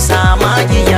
sama ki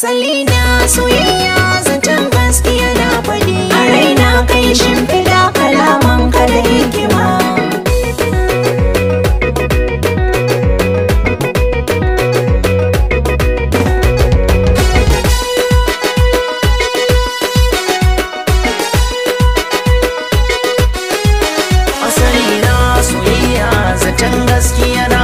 asali na soyayya zancen gaskiya na faɗi a raina kai shimfiɗa kalaman ka da hikima Asali na soyayya zancen gaskiya na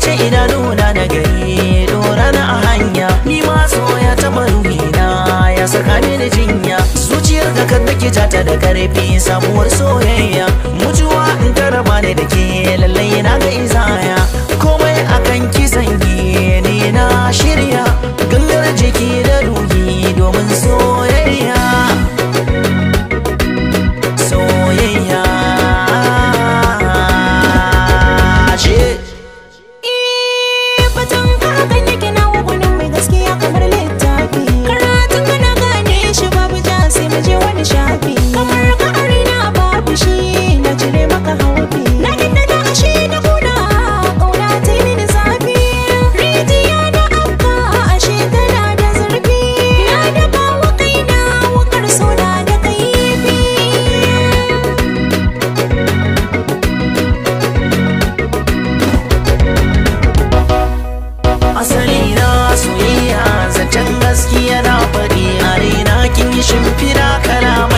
ce idanuna na gari dora na a hanya ni ma so ya taba ruhina ya saka mini jinya zuciyar ka kan take jata da karfi samuwar soyayya mutuwa in taraba ne da ke lallai na ga izaya shimfida kana